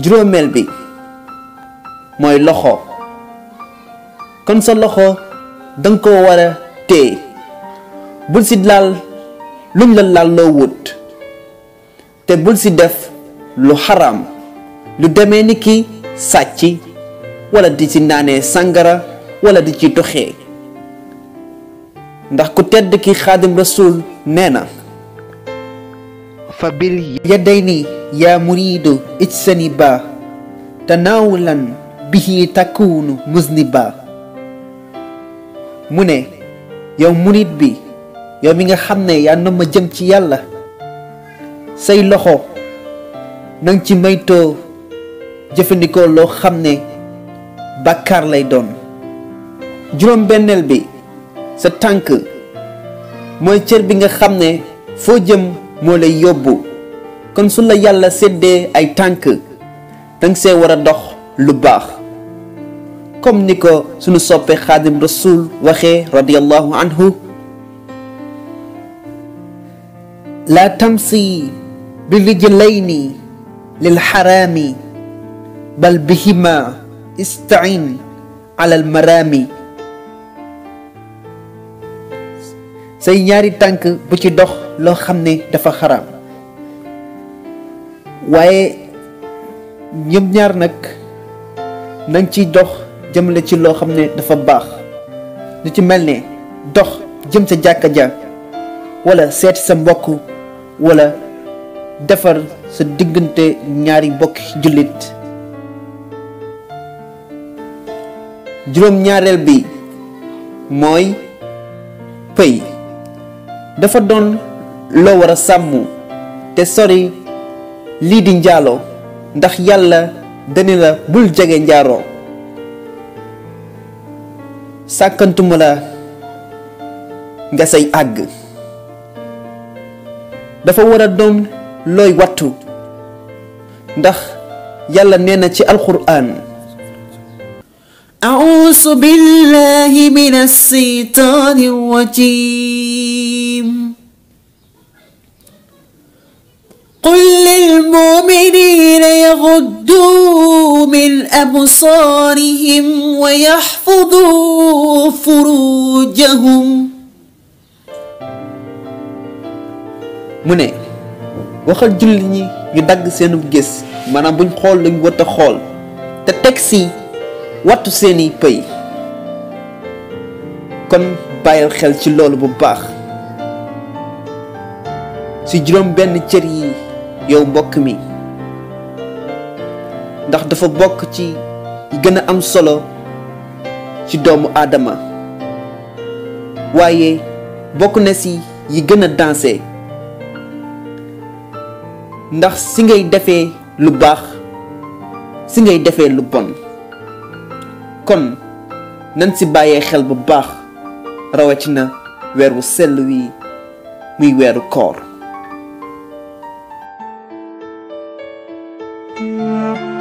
juróomeel bi mooy loxo kon sa loxo danga ko war a téye bul si laal luñ la laal loo wut te bul si def lu xaram lu deme ni ki sàcc wala di ci naanee sàngara walla di ci doxee ndax ku tedd ki xaadim rasul nee na fa bil yadday nii te lan مريد اجتنبا تناولا به ni مذنبا mu ne yow murit bi yow bi nga xam ne yaa ma jëm ci yàlla say loxo nang ci maytoo jëfandikoo loo xam ne bàkkaar lay doon juróom benneel bi sa tànk mooy cër bi nga xam ne foo jëm moo lay yóbbu kon su la yàlla séddee ay tànk danga see war a dox lu baax comme ni ko sunu soppe xaadim rasul waxee radiallahu anhu la tamsi bi rijlayni lil xaraami bal bihima istain ala al marami say ñaari tànk bu ci dox loo xam ne dafa xaraam waaye ñoom ñaar nag nañ ciy dox jëmale ci loo xam ne dafa baax lu ci mel ne dox jëm sa jàkka ja wala seeti sa mbokk wala defar sa diggante ñaari mbokk jullit juróom-ñaareel bi mooy pëy dafa doon loo war a sàmm te sori lii di njaaloo ndax yàlla dani la bul jege njaaroo sàkkantuma la nga say àgg dafa war a doon looy wattu ndax yàlla nee na ci alxuraan auzu قل للمؤمنين يغضوا من أبصارهم ويحفظوا فروجهم mu ne waxal julli ñi ñu dagg seenub gis maanaam buñ xool lañ war a xool te teg si wattu seeni pëy kon bàyyil xel ci loolu bu baax si juróom benn cër yi yow mbokk mi ndax dafa bokk ci yi gën a am solo ci doomu aadama waaye bokk na si yi gën a danse ndax si ngay defee lu baax si ngay defee lu bon kon nan si bàyyee xel bu baax rawatina weer wu sell wi muy weeru koor Thank you.